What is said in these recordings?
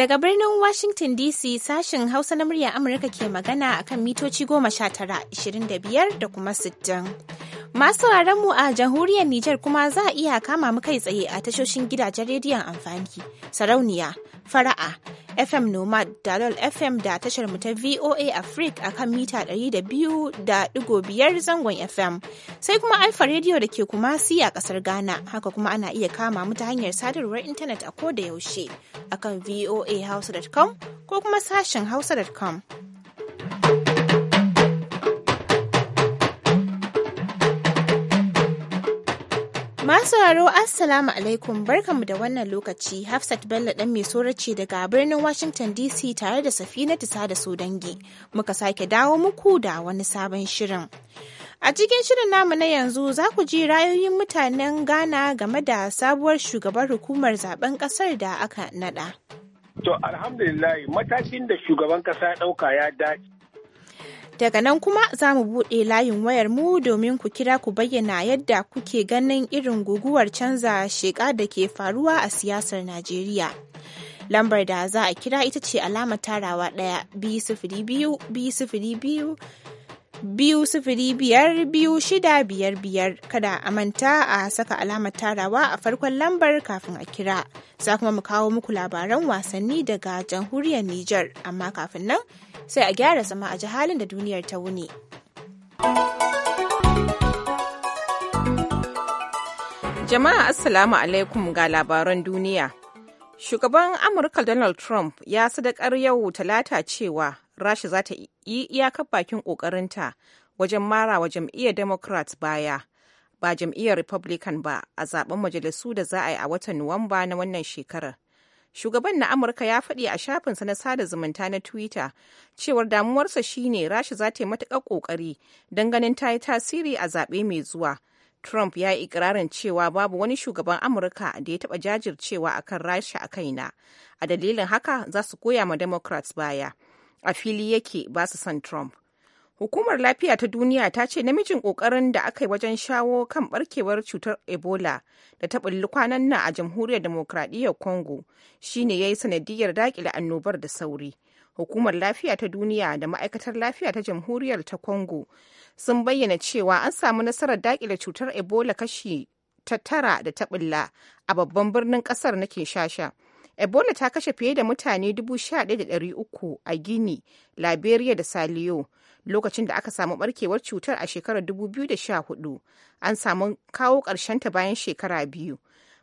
Daga birnin Washington DC sashin Hausa na murya Amurka ke magana a kan mitoci goma sha tara, ishirin da biyar da kuma sittin. Masu mu a jamhuriyar Nijar kuma za a iya kama mu kai tsaye a tashoshin gidajen rediyon amfani, sarauniya, fara'a, FM Nomad, Dalol FM da tashar mu ta VOA Africa a kan mita 200.5 zangon FM. Sai kuma Alfa Radio da ke kuma a kasar Ghana, haka kuma ana iya kama mu ta hanyar sadarwar intanet a ko da yaushe a kan VOA voahausa.com ko kuma sashen hausa.com. Masu sauraro Assalamu alaikum barkamu da wannan lokaci Hafsat Bello dan mai ce daga birnin Washington DC tare da Safina Tisa da su dangi muka sake dawo muku da wani sabon shirin. A cikin shirin namu na yanzu za ku ji rayoyin mutanen Ghana game da sabuwar shugaban hukumar zaben kasar da aka nada. To alhamdulillah matakin da shugaban kasa ɗauka ya dace. Daga nan kuma za mu buɗe layin wayar mu domin ku kira ku bayyana yadda kuke ganin irin guguwar canza sheƙa da ke faruwa a siyasar Najeriya. Lambar da za a kira ita ce alama tarawa ɗaya biyu sufuri, biyu biyu sufuri, biyu biyu sifiri biyar shida biyar kada a manta a saka alamar tarawa a farkon lambar kafin a kira za kuma mu kawo muku labaran wasanni daga jamhuriyar Nijar amma kafin nan sai a gyara zama a jihalin da duniyar ta wuni. Jama'a Assalamu alaikum ga labaran duniya. Shugaban Amurka Donald Trump ya sadakar yau talata cewa rasha za ta yi iyakar bakin ƙoƙarinta wajen mara wa jam'iyyar democrat baya ba jam'iyyar republican ba a zaben majalisu da za a yi a watan nuwamba na wannan shekarar shugaban na amurka ya faɗi a shafin shafinsa na sada zumunta na twitter cewar damuwarsa shine rasha za ta yi matuƙar ƙoƙari don ganin ta yi tasiri a zaɓe mai zuwa trump ya yi ikirarin cewa babu wani shugaban amurka da ya taɓa jajircewa akan rasha a kaina a dalilin haka za su koya ma democrats baya a fili yake ba su son Trump. Hukumar Lafiya ta Duniya ta ce namijin ƙoƙarin da aka yi wajen shawo kan barkewar cutar Ebola da ta ɓulli kwanan nan a Jamhuriyar Demokradiyyar Congo shine ya yi sanadiyar daƙile annobar da sauri. Hukumar Lafiya ta Duniya da Ma'aikatar Lafiya ta Jamhuriyar ta Congo sun bayyana cewa an samu nasarar daƙile cutar Ebola kashi ta tara da ta ɓulla a babban birnin ƙasar na Kinshasa. Ebola ta kashe fiye da mutane 11,300 a Gini, Liberia da Saliyo. Lokacin da aka samu barkewar cutar a shekarar 2014, an samu kawo ta bayan shekara biyu.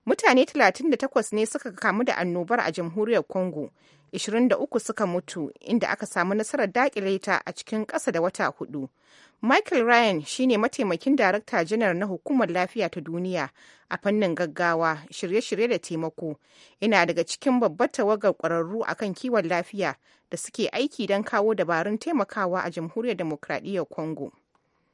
Mutane 38 ne suka kamu da annobar a jamhuriyar Congo, 23 suka mutu inda aka samu nasarar dakile ta a cikin ƙasa da wata hudu. Michael Ryan shi ne mataimakin darakta janar na Hukumar Lafiya ta Duniya a fannin gaggawa, shirye-shirye da taimako. Ina daga cikin babbar tawagar ƙwararru a kan kiwon lafiya da suke aiki don kawo dabarun taimakawa a Jamhuriyar Demokradiyyar Congo.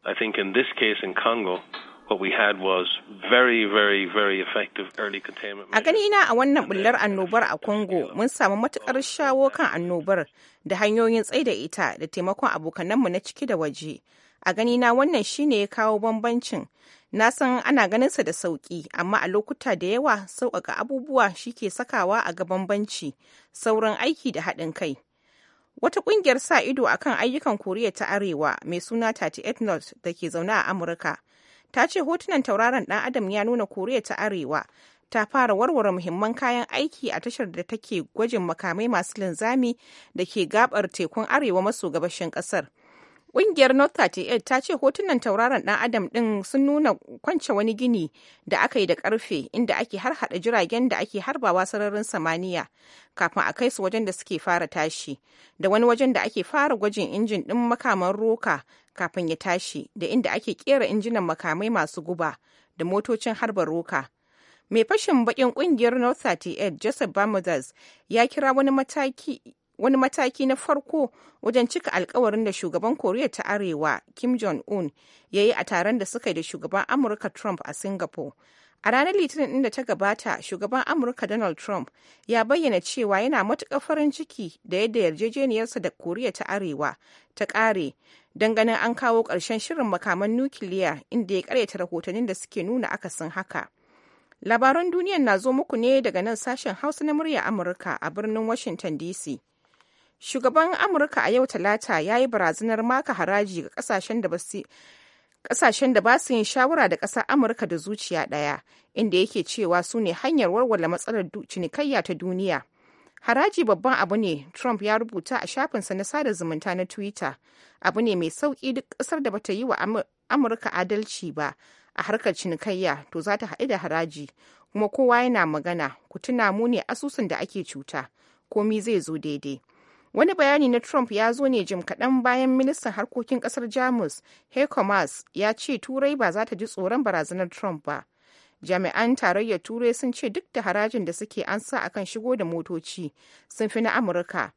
I think in this case in Congo, what we had was very, very, very effective early containment A gani na a wannan bullar annobar a Congo mun samu matuƙar shawo kan annobar da hanyoyin tsaida ita da taimakon abokananmu na ciki da waje. a ganina wannan shine ya kawo bambancin na san ana ganinsa da sauƙi amma a lokuta da yawa sauƙaƙa abubuwa shi ke sakawa a ga bambanci sauran aiki da haɗin kai wata ƙungiyar sa ido akan ayyukan koriya ta arewa mai suna Tati north da ke zaune a amurka ta ce hotunan tauraron ɗan adam ya nuna koriya ta arewa ta fara warware muhimman kayan aiki a tashar da take gwajin makamai masu linzami da ke gabar tekun arewa maso gabashin ƙasar. kasar Ƙungiyar North 38 ta ce hotunan tauraron ɗan Adam ɗin sun nuna kwance wani gini da aka yi da ƙarfe inda ake har haɗa jiragen da ake harbawa sararin samaniya kafin a kai su wajen da suke fara tashi, da wani wajen da ake fara gwajin injin ɗin makaman roka kafin ya tashi, da inda ake ƙera injinan makamai masu guba da motocin harba roka. Mai fashin bakin ƙungiyar North 38 Joseph Bermudez ya kira wani mataki wani mataki na farko wajen cika alkawarin da shugaban koriya ta arewa kim jong-un ya yi a taron da suka yi da shugaban amurka trump a singapore a ranar litinin inda ta gabata shugaban amurka donald trump ya bayyana cewa yana matuƙar farin ciki da yadda yarjejeniyarsa da koriya ta arewa ta ƙare ganin an kawo ƙarshen shirin makaman nukiliya inda ya ƙaryata rahotannin da suke nuna akasin haka labaran duniyan na zo muku ne daga nan sashen hausa na murya amurka a birnin washington dc Shugaban Amurka a yau Talata ya yi barazanar maka haraji ga kasashen da ba su yin shawara da ƙasar amurka da zuciya ɗaya inda yake cewa su ne hanyar warware matsalar cinikayya ta duniya haraji babban abu ne trump ya rubuta a shafinsa na sada zumunta na twitter abu ne mai sauƙi duk ƙasar da bata yi wa amurka adalci ba a harkar cinikayya to za ta haɗu da haraji kuma kowa yana magana ku tuna mu ne asusun da ake cuta komi zai zo daidai Wani bayani na Trump ya zo ne jim kaɗan bayan ministan harkokin ƙasar Jamus, Heiko Maas, ya ce Turai ba za ta ji tsoron barazanar Trump ba. Jami'an tarayyar Turai sun ce duk da harajin da suke an sa akan shigo da motoci sun fi na Amurka.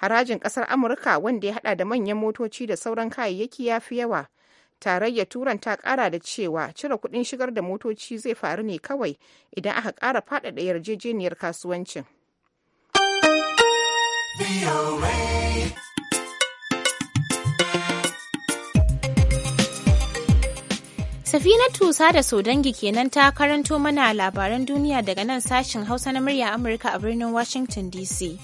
Harajin ƙasar Amurka wanda ya haɗa da manyan motoci da sauran kayayyaki ya fi yawa. Tarayyar Turan ta ƙara da cewa cire kuɗin shigar da motoci zai faru ne kawai idan aka ƙara faɗaɗa yarjejeniyar kasuwancin. Safinatu Sada Sodangi kenan ta karanto mana labaran duniya daga nan sashin Hausa na murya Amurka a birnin Washington DC.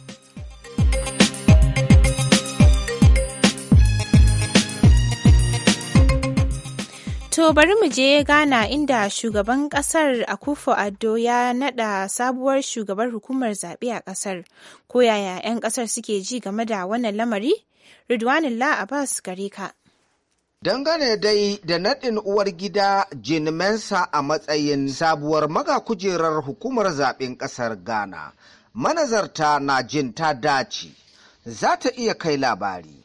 To bari mu je gana inda shugaban kasar Akufo Addo ya nada sabuwar shugabar hukumar zaɓe a kasar. Ko yaya 'yan kasar suke ji game da wannan lamari? La Abbas gare ka. Dangane dai da naɗin uwar gida Jin Mensa a matsayin sabuwar maga kujerar hukumar zaɓen ƙasar Ghana, manazarta na jin ta dace, za ta iya kai labari.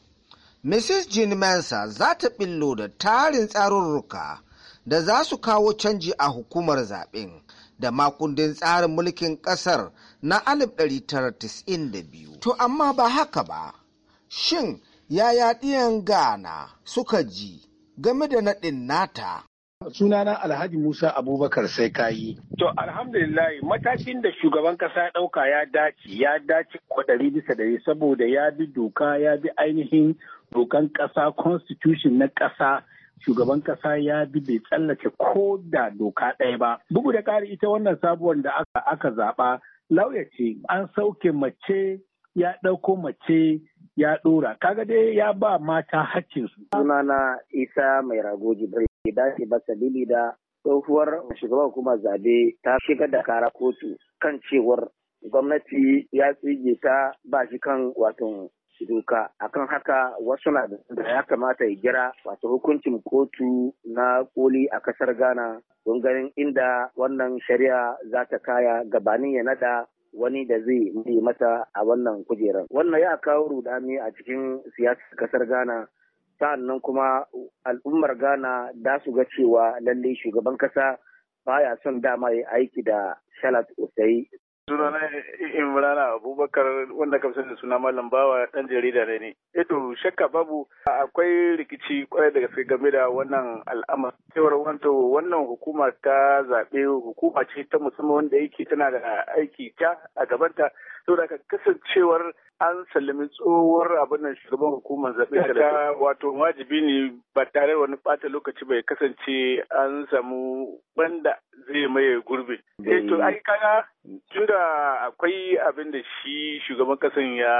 Mrs. Jean Mensa za ta billo da tarin tsarurruka da za su kawo canji a hukumar zaɓen da makundin tsarin mulkin ƙasar na 1992. To amma ba haka ba, shin yaya ɗiyan gana suka ji game da naɗin nata? sunana alhaji musa abubakar sai kayi to alhamdulillah matakin da shugaban kasa ya ɗauka ya dace ya dace kwaɗari bisa ɗari saboda ya bi doka ya bi ainihin dokan ƙasa constitution na ƙasa shugaban ƙasa ya bi bai tsallake ko da doka ɗaya ba. Bugu da ƙari ita wannan sabuwar da aka, aka zaɓa lauya ce an sauke mace ya ɗauko mace ya ɗora. Kaga dai ya ba mata haƙƙinsu. na Isa Mai Rago Jibril dace ba dalili da tsohuwar shugaban kuma zabe ta shiga da kara kotu kan cewar gwamnati ya tsige ta ba shi kan wato ci doka akan haka wasu na da ya kamata ya jira wato hukuncin kotu na koli a kasar ghana don ganin inda wannan shari'a za ta kaya gabanin ya nada wani da zai yi mata a wannan kujerar wannan ya kawo rudani a cikin siyasar kasar ghana sa'annan kuma al'ummar ghana da su ga cewa lalle shugaban kasa baya son dama ya aiki da shalat usai sunana imrana abubakar wanda ka da suna malam bawa ɗan jarida ne ne eh eto shakka babu akwai rikici kwarai da gaske game da wannan al'amar cewar wanto wannan hukuma ta zaɓe hukuma ce ta musamman wanda yake tana da aiki ta a gabanta saboda ka kasancewar an sallami tsohuwar abin nan shugaban hukumar zaɓe da wato wajibi ne ba tare wani ɓata lokaci bai kasance an samu banda zai maye gurbi. Eh to ai kaga tunda akwai abin da shi shugaban kasan ya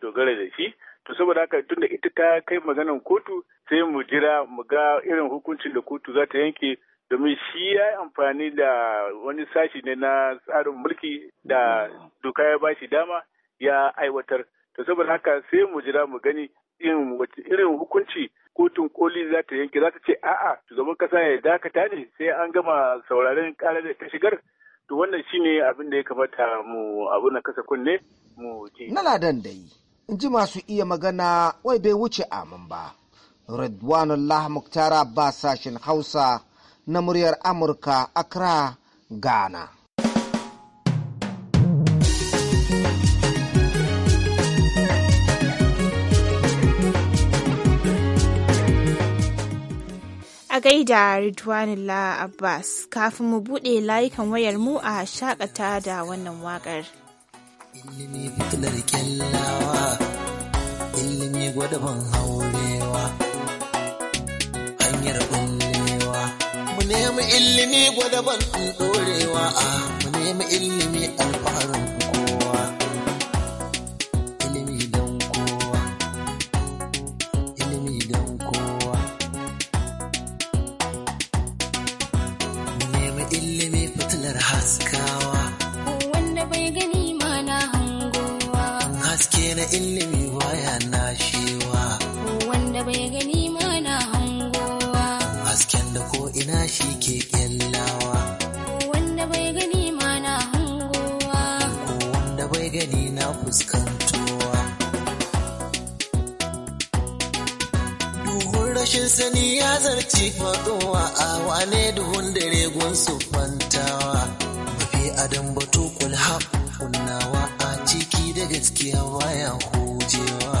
dogara da shi to saboda haka tunda ita ta kai maganan kotu sai mu jira mu ga irin hukuncin da kotu za ta yanke domin shi ya yi amfani da wani sashi ne na tsarin mulki da doka ya bashi dama ya aiwatar to saboda haka sai mu jira mu gani irin wace irin hukunci kotun koli za ta yanke za ta ce a'a shugaban kasa ya dakata ne sai an gama sauraren karar da ta shigar to wannan shine abin da ya kamata mu abu na kasa kunne mu ji na ladan dai in ji masu iya magana wai bai wuce amin ba Ridwanullah Muktara ba sashen Hausa na muryar Amurka Accra, Ghana. A gaida Ridwanilla Abbas kafin mu buɗe layukan wayar mu a shakata da wannan waƙar. Ilimi fitilar gwada ban haurewa, hanyar nemi ilimi gwadaban dorewa a mu nemi ilimi alfaharin kowa ilimi don kowa ilimi don kowa mu nemi ilimi fitilar haskawa wanda bai gani ma na hangowa haske na ilimi baya nashewa wanda bai gani wanda ko ina shi ke kyallawa wanda bai gani ma na hangowa ko wanda bai gani na fuskantowa duhun rashin sani ya zarci faɗowa a wane duhun dare gun su fantawa mafi adam batu kulhab kunnawa a ciki da gaskiya baya hujewa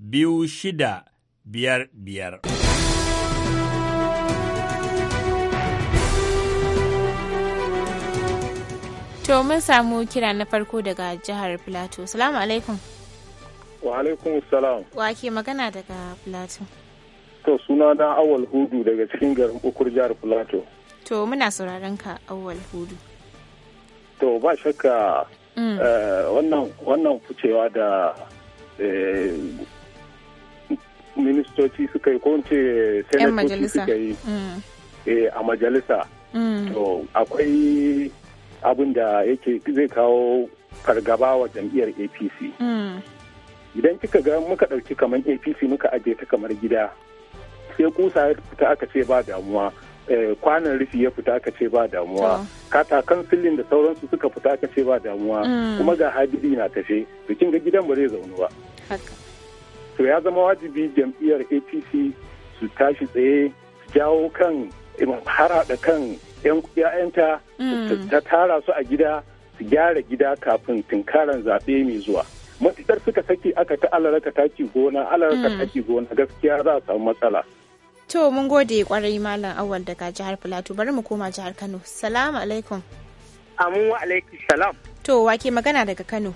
biyu shida biyar biyar. To mun samu kira na farko daga jihar Filato. Salamu alaikum. Wa alaikum salam. Wa ke magana daga Filato? To suna na awal hudu daga cikin garin ukur jihar Filato. To muna sauraron ka awal hudu. To ba shakka mm. eh, wannan ficewa da eh, ministoci suka yi ko ce senatoci suka yi mm. eh, a majalisa mm. to akwai abin da yake zai kawo fargaba wa jam'iyyar apc mm. idan kika ga muka ɗauki kamar apc muka ajiye ta kamar gida sai kusa ya fita aka ce ba damuwa eh, kwanan rufi ya fita aka ce ba damuwa katakan silin da sauransu suka fita aka ce ba damuwa kuma ga hadiri na tafe bikin ga gidan ba zai zaunu ba to ya zama wajibi jam'iyyar apc su tashi tsaye su jawo kan harada kan 'ya'yanta mm. ta tara su a gida su gyara gida kafin tunkaran zaɓe mai zuwa matuƙar suka saki aka ta alaraka taki gona alaraka mm. taki gona gaskiya za a samu matsala to mun gode kwarai malam awal daga jihar filato bari mu koma jihar kano salamu alaikum amin wa alaikum salam to wake magana daga kano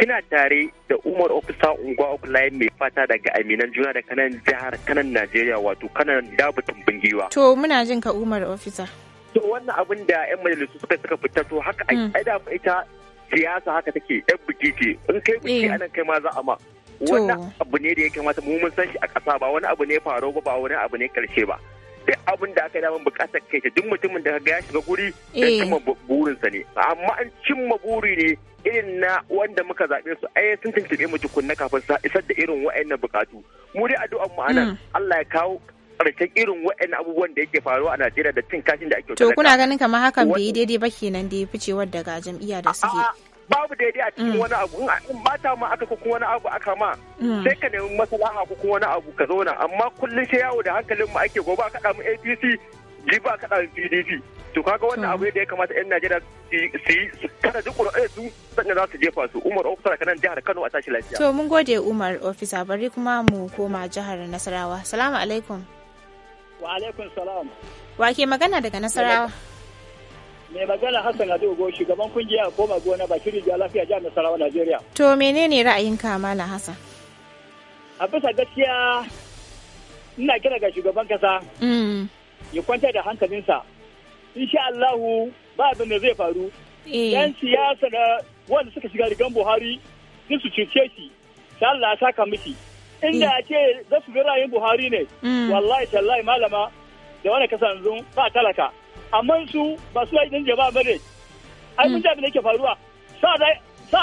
Ina tare da Umar Ofisa Unguwa Okulaye mai fata daga Aminan Juna da kanan jihar kanan Najeriya wato kanan Dabutun Bungiwa. To muna jin ka Umar Ofisa. To wannan abin da 'yan majalisu suka suka fita to haka ai mm. da ita siyasa haka take 'yan biki in kai biki eh. anan kai ma za a ma. Wannan abu ne da ya kamata mu mun san shi a ƙasa ba wani abu ne faro ba ba wani abu ne ƙarshe ba. da abin da aka yi daman bukatar kai ta, duk mutumin da ga ya shiga guri da eh. cimma burinsa ne amma an cimma buri ne irin na wanda muka zaɓe su ai sun tuntuɓe mu na kafin sa isar da irin wa'annan bukatu mu dai addu'an mu anan mm. Allah ya kawo karshen irin wa'annan abubuwan da yake faruwa a Najeriya da cin kashin da ake to kuna ganin kamar hakan bai yi daidai ba kenan da ya ficewar daga jam'iyya da suke babu daidai a cikin mm. wani abu in ta ma aka ko wani abu aka ma mm. sai ka nemi maslaha ko wani abu ka zauna amma kullun sai yawo da hankalin mu ake gobe a kaɗa mu APC ji ba kaɗa PDP to kaga wannan abu da ya kamata yan Najeriya su yi kada duk ƙuri'ar su sannan za su jefa su Umar Ofisa kanan jihar Kano a tashi lafiya. To mun gode Umar Ofisa bari kuma mu koma jihar Nasarawa. Salamu alaikum. Wa alaikum salam. Wa ke magana daga Nasarawa? Mai magana Hassan Adogo shugaban kungiya koma gona bakin rijiya lafiya jihar Nasarawa Najeriya. To menene ra'ayinka na Hassan? A bisa gaskiya ina kira ga shugaban kasa. Mm. Ya kwanta da hankalinsa. insha Allahu ba abin da zai faru. Eh. Yan siyasa da wanda suka shiga rigan Buhari sun su cuce shi, sha Allah ya saka miki. Inda eh. a ce za su ga yin Buhari ne, mm. wallahi tallahi malama da wani kasa yanzu ba talaka. Amma su ba su yi ɗin jama'a bane. Ai mun mm. ji abin da yake faruwa. Sa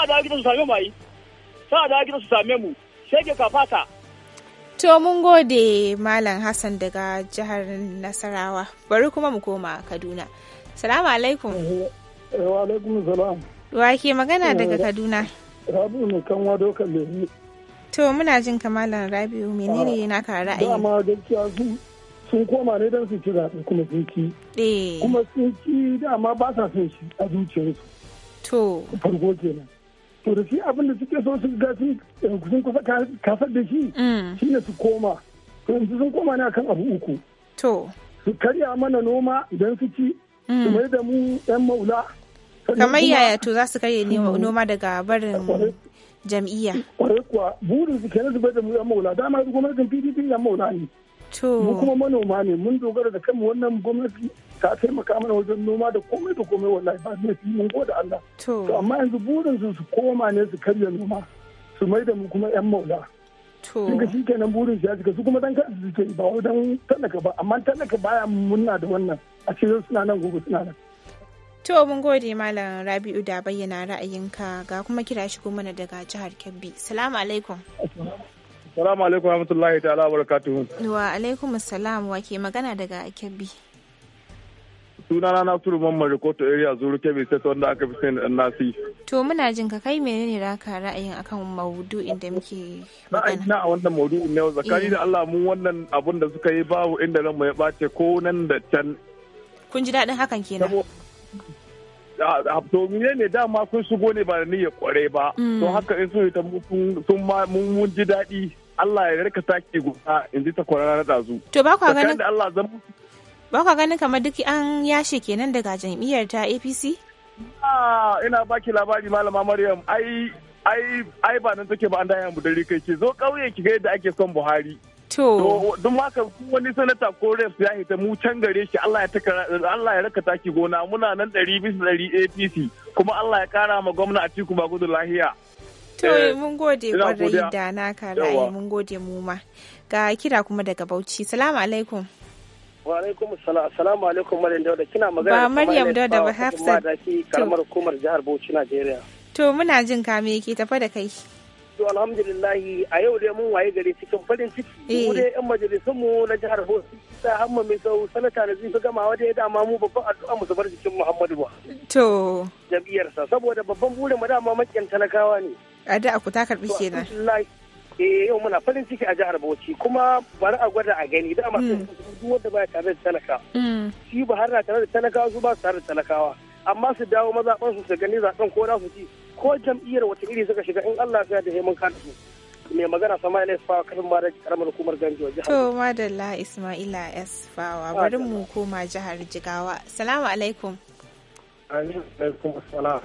da gidan su same mu ayi. Sa da gidan su same mu. Shege ka fata. To mun gode Malam Hassan daga jihar Nasarawa. Bari kuma mu koma Kaduna. Salamu alaikum. Eh, wa alaikum salam. Wa ke magana eh, daga Kaduna? Rabu ne kan wado kallon To muna jin kamalan Rabi'u menene ah, naka ra'ayi? Dama gaskiya sun sun koma ne don su ci zaɓe kuma sun ci. Eh. Kuma sun ci dama ba sa son shi a zuciyarsu. To. Farko kenan. to da shi abin da suke so su ga sun eh, kusa kasar da mm. shi ne su koma to yanzu sun koma ne akan abu uku to su karya mana noma idan su ci su mm. mai da mu yan maula kamar yaya to za su karya mm. noma daga barin jam'iyya kwarai kuwa burin su kenan su bai da mu yan maula dama gwamnatin pdp yan maula ne mu kuma manoma ne mun dogara da kanmu wannan gwamnati ta taimaka mana wajen noma da komai da komai wallahi ba ne mun gode Allah to amma yanzu burin su su koma ne su karya noma su mai da mu kuma yan maula to kinga shi kenan burin shi ya cika su kuma dan su suke ba wajen tallaka ba amma tallaka baya munna da wannan a cikin suna nan gobe suna nan To mun gode Malam Rabi'u da bayyana ra'ayinka ga kuma kira shigo mana daga jihar Kebbi. Salamu alaikum. Salamu alaikum wa rahmatullahi ta'ala wa barakatuhu. Wa alaikum assalam wa ke magana daga Kebbi. Sunana na turu Mamman Rikoto area Zuru Kebbi sai wanda aka fi sani dan Nasi. To muna jin ka kai menene da ka ra'ayin akan maudu'in da muke magana. Na a wannan maudu'in ne zakari da eh. Allah mun wannan abun da suka yi babu inda ranmu ya bace ko nan da can. Kun ji daɗin hakan kenan. domin ah, ah, ne dama sun shigo ne ba da niyyar kware ba mm. to haka in sun ta mun ji daɗi Allah ya rika taki guda in ji ta kwarara na dazu. To ba kwa ganin Allah zan ba kwa ganin kamar duk an yashe kenan daga jam'iyyar ta APC? Ah, ina baki labari malama Maryam ai ai ai ba nan take ba an daya mu dare kai ke zo kauye ki ga yadda ake son Buhari. To don haka wani sanata ko ref ya hita mu can gare shi Allah ya taka Allah ya raka taki gona muna nan 100 bisa 100 APC kuma Allah ya kara ma gwamna Atiku Bagudu lahiya. To eh, eh, mun gode kwarai da naka ra'ayi mun gode mu ma. Ga kira kuma daga Bauchi. Salamu alaikum. Wa alaikum salam. salamu alaikum Maryam Dauda kina magana da Maryam Dauda ba Hafsa. Ba Hafsat. Karamar hukumar jihar Bauchi Najeriya. To muna jin ka me yake tafa da kai. to alhamdulillah a yau dai mun waye gari cikin farin ciki eh. mu dai yan majalisun mu na jihar Bauchi da hamma mai sau sanata da zai gama wa dai dama mu babban addu'a mu zubar jikin Muhammadu ba to sa saboda babban burin mu dama makiyan talakawa ne addu'a ku ta karbi kenan eh muna farin ciki a jihar Bauchi kuma bari a gwada a gani da masu mm. duk wanda baya tare da talaka mm. shi ba har na tare da talakawa su ba su tare da talakawa amma su dawo mazaɓan su su gani zaɓen ko da su ci ko jam'iyyar wata iri suka shiga in Allah ya da hemun kan su mai magana sama Sama'ila Isfawa kafin ma da karamar hukumar Ganjo jihar To madalla Ismaila s fawa bari mu koma jihar Jigawa Assalamu alaikum Alaikum assalam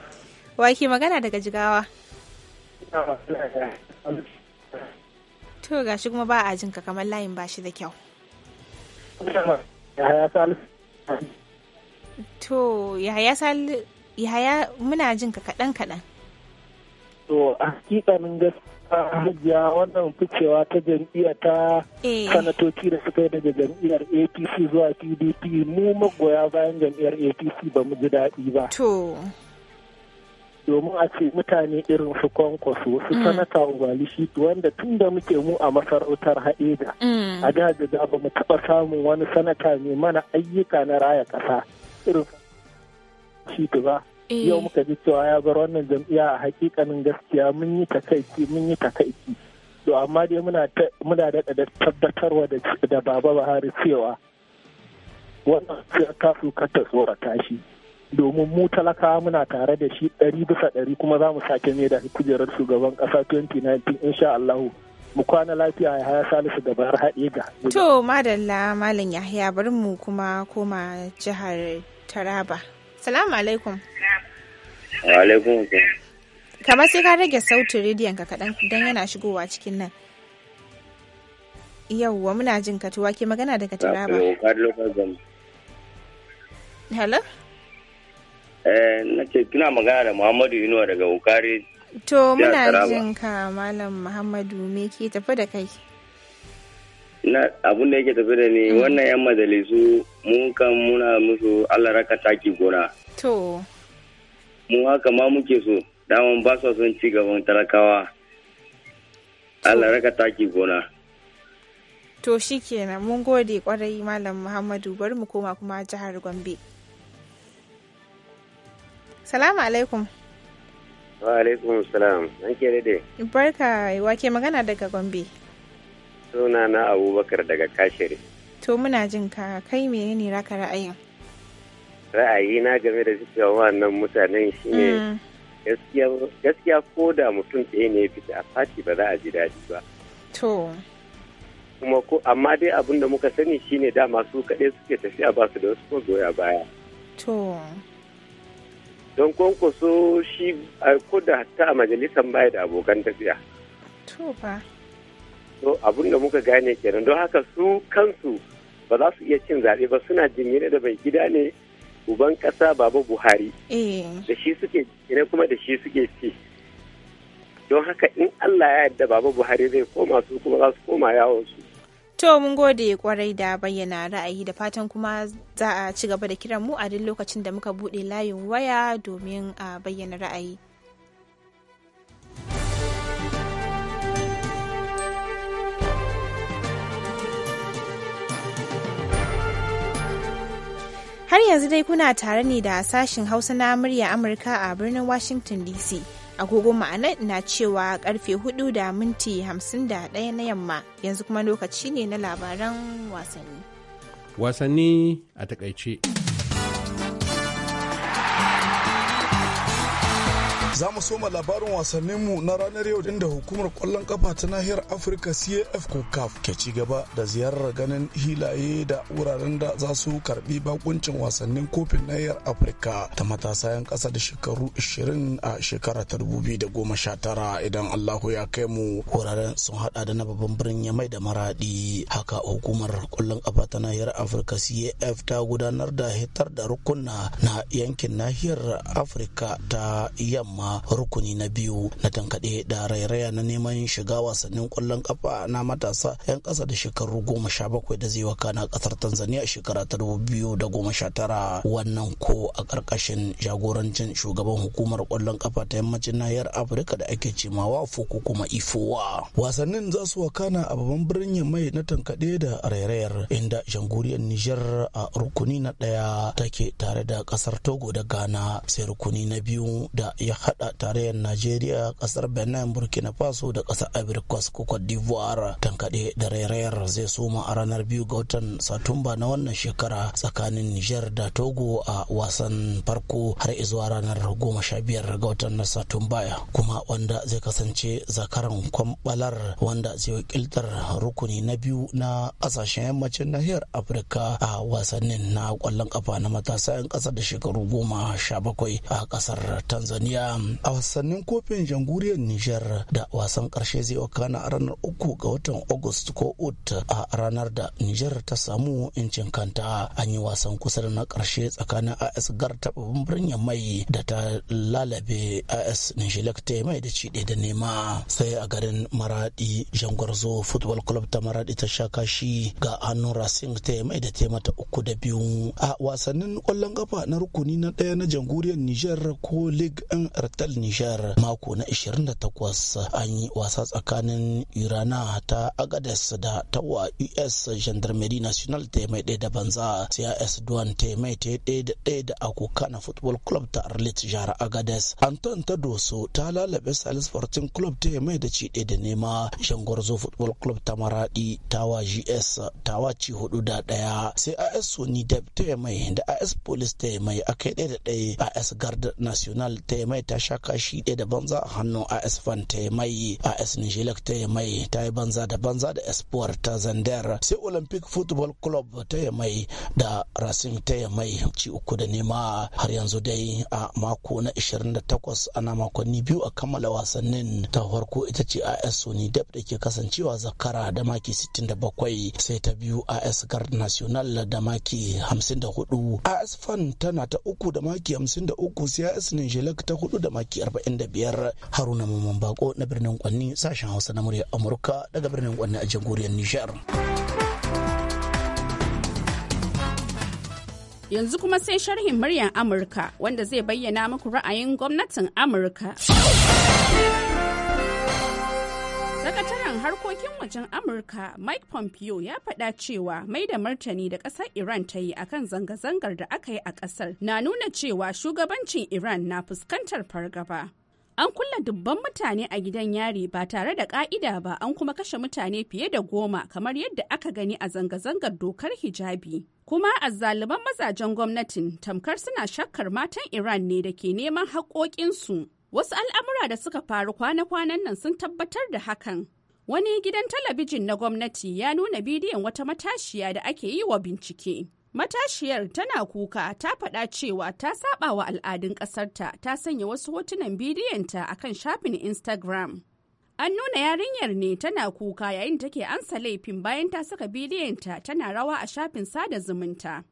Wa ke magana daga Jigawa To gashi kuma ba a jin ka kamar layin ba shi da kyau. To yaya sali yaya muna jin ka kaɗan kaɗan. To a kiɗanin gaskiya hajiya wannan ficewa ta jam'iyya ta eh. sanatoci da suka yi daga jam'iyyar APC zuwa PDP mu magoya bayan jam'iyyar APC ba mu ji daɗi ba. To. domin a ce mutane irin su kwankwaso su mm. sanata ubalishi wanda tun da muke mu a masarautar haɗeda mm. a daji da ba mu taɓa samun wani sanata mai mana ayyuka na raya ƙasa irin shi ba eh. yau muka ji cewa ya bar wannan jam'iyya a hakikanin gaskiya mun yi takaici mun yi takaici to amma dai muna da da tabbatarwa da baba Buhari cewa wannan ta su kata tsorata shi domin mu talakawa muna tare da shi ɗari bisa ɗari kuma za mu sake ne da kujerar shugaban ƙasa 2019 insha Allahu. mu kwana lafiya ya haya salisu da bayar haɗe ga. To madalla malam Yahaya bari mu kuma koma jihar Taraba. Salamu alaikum. Alaikum Kamar sai ka rage sautin rediyon ka kaɗan don yana shigowa cikin nan. Yauwa muna jin katuwa ke magana daga Taraba. Eh, na ce kina magana da muhammadu inuwa daga ukari to muna jin ka malam muhammadu me ke tafi da kai na abun da yake tafi da ni mm. wannan yan majalisu mun kan muna musu allah raka taki gona to mu haka ma muke so daman ba su son ci gaban talakawa allah raka taki gona to shikenan mun gode kwarai malam muhammadu bari mu koma kuma jihar gombe Salamu alaikum. Wa alaikum salam. An ke dade. Barka wake magana daga Gombe. Suna na Abubakar daga Kashiri. To muna jin ka kai ne raka ra'ayin? Ra'ayi na game da cewa wannan mutanen shine mm. gaskiya ko da mutum ɗaya ne fita a fati ba za a ji daɗi ba. To. Kuma ko amma dai abin da muka sani shine dama su kaɗai suke tafiya ba su da wasu goya baya. To. don kwankwaso shi a kuda ta a majalisar baya da abokan tafiya. To ba. To da muka gane kenan don haka su kansu ba za su iya cin zaɓe ba suna jingine da bai gida ne uban ƙasa baba Buhari. Eh. Da shi suke jingine kuma da shi suke ci. Don haka in Allah ya yadda baba Buhari zai koma su kuma za su koma yawon su. To mun gode kwarai da bayyana ra'ayi da fatan kuma za a ci gaba da kiran mu a duk lokacin da muka bude layin waya domin a bayyana ra'ayi. Har yanzu dai kuna tare ne da sashin Hausa na murya Amurka a birnin Washington DC. Agogo ma'ana na cewa karfe 4 da minti 51 na yamma yanzu kuma lokaci ne na labaran wasanni wasanni a takaice Za mu soma labarin wasanninmu na ranar yau inda hukumar kwallon kafa ta nahiyar Afirka CAF ko CAF ke ci gaba da ziyarar ganin hilaye da wuraren da za su karbi bakuncin wasannin kofin nahiyar Afirka ta matasa 'yan kasa da shekaru 20 a shekara ta tara idan Allahu ya kai mu wuraren sun hada da na babban birnin Yamai da Maradi haka hukumar kwallon kafa ta nahiyar Afirka CAF ta gudanar da hitar da rukunna na yankin nahiyar Afirka ta yamma zama rukuni na biyu na tankaɗe da rairaya na neman shiga wasannin kwallon kafa na matasa 'yan ƙasa da shekaru goma sha bakwai da zai wakana ƙasar tanzania shekara ta dubu biyu da goma sha tara wannan ko a ƙarƙashin jagorancin shugaban hukumar kwallon kafa ta yammacin nahiyar afirka da ake cimawa ko kuma ifowa wasannin za su wakana a babban birnin mai na tankaɗe da rairayar inda janguriyar nijar a rukuni na ɗaya take tare da ƙasar togo da ghana sai rukuni na biyu da ya hada tarayyar najeriya kasar benin burkina faso da kasar ivory coast ko cote d'ivoire tankaɗe da rairayar zai soma a ranar biyu ga watan satumba na wannan shekara tsakanin niger da togo a wasan farko har izuwa ranar goma sha biyar ga watan satumba kuma wanda zai kasance zakaran kwambalar wanda zai wakiltar rukuni na biyu na kasashen yammacin nahiyar afirka a wasannin na kwallon kafa na matasa 'yan kasa da shekaru goma sha bakwai a kasar tanzania a wasannin kofin jamhuriyar Nijar da wasan karshe zai wakana a ranar uku ga watan August ko Ut a ranar da Nijar ta samu incin kanta an yi wasan kusa da na karshe tsakanin AS Garta babban birnin mai da ta lalabe AS Nijilek ta mai da ci da nema sai a garin Maradi Jangwarzo Football Club ta Maradi ta sha kashi ga hannun Racing ta mai da ta mata uku da biyu a wasannin kwallon kafa na rukuni na ɗaya na jamhuriyar Nijar ko League NRT capital Niger, mako na 28 an yi wasa tsakanin Irana ta Agades da tawa US Gendarmerie National ta mai ɗaya da banza CIS Duan ta mai ta ɗaya da ɗaya da na Football Club ta Arlit Jihar Agades. Anton ta doso ta lalabe Salis Sporting Club ta mai da ci ɗaya da nema shangorzo Football Club ta Maradi tawa GS ta wa ci hudu da ɗaya sai Sony Deb ta mai da AS Police ta mai a akai ɗaya da ɗaya AS Guard National ta mai ta sha kashi ɗaya da banza a hannun AS Fan ta yi mai AS Nijilak ta yi mai ta yi banza da banza da Espoir ta Zander. sai Olympic Football Club ta yi mai da Racing ta yi mai ci uku da nema har yanzu dai a mako na 28 ana makonni biyu a kammala wasannin ta farko ita ce AS Sony Dep da ke kasancewa zakara da maki 67 sai ta biyu AS Gard National da maki 54 AS Fan tana ta uku da maki 53 sai AS Nijilak ta hudu da maki 45 haruna mamman bako na birnin kwanni sashen hausa na murya amurka daga birnin kwanni a jamhuriyar nishar yanzu kuma sai sharhin muryar amurka wanda zai bayyana muku ra'ayin gwamnatin amurka sakataren harkokin wajen Amurka Mike Pompeo ya faɗa cewa mai da martani da ƙasar Iran ta yi akan zanga-zangar da aka yi a ƙasar na nuna cewa shugabancin Iran na fuskantar fargaba. An kulla dubban mutane a gidan yari ba tare da ka'ida ba an kuma kashe mutane fiye da goma kamar yadda aka gani a zanga-zangar dokar hijabi. Kuma a zaliban mazajen gwamnatin tamkar suna shakkar matan Iran ne da ke neman haƙoƙinsu. Wasu al'amura da suka faru kwana-kwanan nan sun tabbatar da hakan. Wani gidan talabijin na gwamnati ya nuna bidiyon wata matashiya da ake yi wa bincike. Matashiyar tana kuka ta faɗa cewa ta saba wa al'adun ƙasarta ta sanya wasu hotunan bidiyonta a kan shafin Instagram. An nuna yarinyar ne tana kuka yayin take ansa laifin bayan ta saka bidiyonta tana rawa a shafin sada zumunta.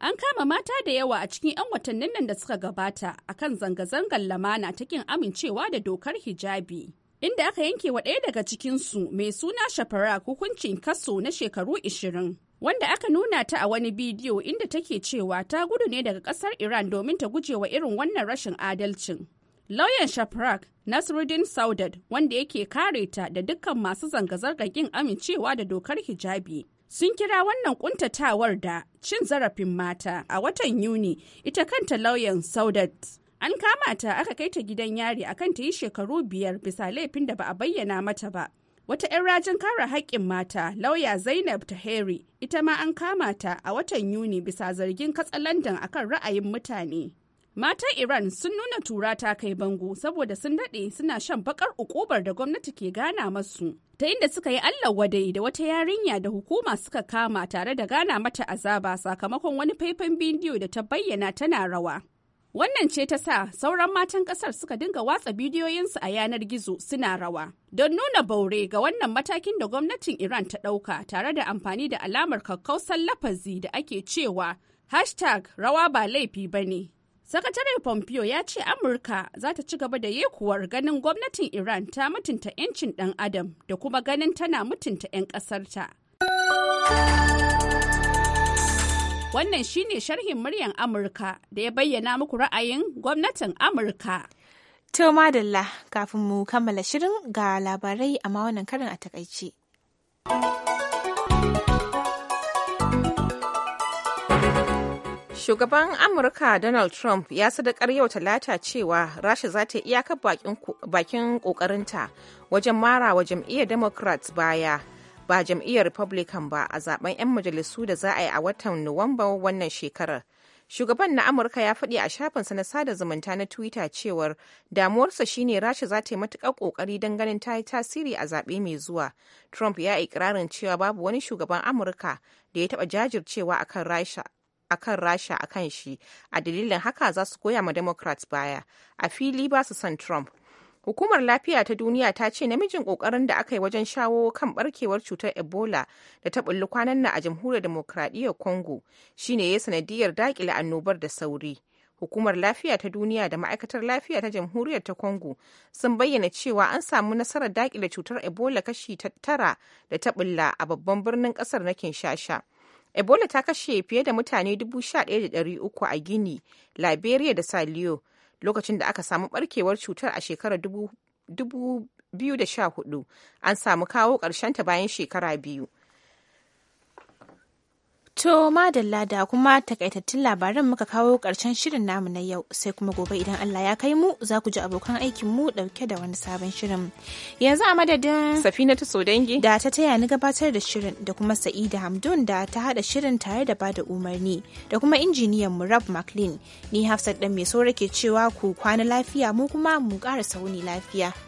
An kama mata da yawa a cikin 'yan watannin nan da suka gabata akan zanga-zangar lamana ta kin amincewa da dokar hijabi. inda aka yanke wa ɗaya daga cikinsu mai suna shafara hukuncin kaso na shekaru 20 wanda aka nuna ta a wani bidiyo inda take cewa ta gudu ne daga ƙasar iran domin ta guje wa irin wannan rashin adalcin lauyan shafrak nasruddin saudat wanda yake kare ta da dukkan masu zanga-zangar ƙin amincewa da dokar hijabi sun kira wannan kuntatawar da cin zarafin mata a watan yuni ita kanta lauyan saudat An kama ta aka kai ta gidan yari akan ta yi shekaru biyar bisa laifin da ba a bayyana mata ba. Wata 'yan rajin kare haƙƙin mata, lauya Zainab Tahiri, ita ma an kama ta a watan Yuni bisa zargin katsalandan akan ra'ayin mutane. Matan Iran sun nuna tura ta kai bango saboda sun daɗe suna shan bakar ukubar da gwamnati ke gana masu. Ta inda suka yi Allah wadai da wata yarinya da hukuma suka kama tare da gana mata azaba sakamakon wani faifan bidiyo da ta bayyana tana rawa. Wannan ce ta sa sauran matan kasar suka dinga watsa bidiyoyinsu a yanar gizo suna rawa don nuna baure ga wannan matakin da gwamnatin Iran ta ɗauka tare da amfani da alamar kakkausan lafazi da ake cewa hashtag rawa ba laifi ba ne. Sakataren Pompeo ya ce Amurka za ta ci gaba da yekuwar ganin gwamnatin Iran ta mutunta 'yancin ɗan adam da kuma ganin tana mutunta 'yan ƙasarta. Wannan shine sharhin muryan Amurka da ya bayyana muku ra'ayin gwamnatin Amurka. To madalla kafin mu kammala shirin ga labarai amma wannan karin a takaice. Shugaban Amurka Donald Trump ya sadakar yau talata cewa Rasha za ta iyakar bakin kokarinta wajen mara wa jam'iyyar Democrats baya ba jam'iyyar republican ba a zaben 'yan majalisu da za a yi a watan nuwamba wannan shekarar shugaban na amurka ya faɗi a shafinsa na sada zumunta na twitter cewar damuwarsa shine rasha za ta yi matuƙar ƙoƙari don ganin ta yi tasiri a zaɓe mai zuwa trump ya ikirarin cewa babu wani shugaban amurka da ya taɓa jajircewa akan rasha akan rasha shi a dalilin haka za su goya ma democrats baya a fili ba su son trump Hukumar Lafiya ta Duniya ta ce namijin ƙoƙarin da aka yi wajen shawo kan barkewar cutar Ebola da ta bulli kwanan nan a Jamhuriyar Demokradiyyar Congo shine ya sanadiyar dakile annobar da sauri. Hukumar Lafiya ta Duniya da Ma'aikatar Lafiya ta Jamhuriyar ta Congo sun bayyana cewa an samu nasarar dakile cutar Ebola kashi tara da ta bulla a babban birnin ƙasar na Kinshasa. Ebola ta kashe fiye da mutane 11,300 a gini, Liberia da Saliyo. lokacin da aka samu barkewar cutar a shekarar 2014 an samu kawo ta bayan shekara biyu To madalla da kuma takaitattun labaran muka kawo ƙarshen shirin namu na yau sai kuma gobe idan Allah ya kai mu za ku ji abokan aikin mu ɗauke da wani sabon shirin. Yanzu a madadin Safina ta dangi. da ta taya ni gabatar da shirin da kuma Sa'ida Hamdun da ta hada shirin tare da bada umarni da kuma injiniyan mu Rab McLean ni Hafsat dan mai saura ke cewa ku kwana lafiya mu kuma mu ƙara sauni lafiya.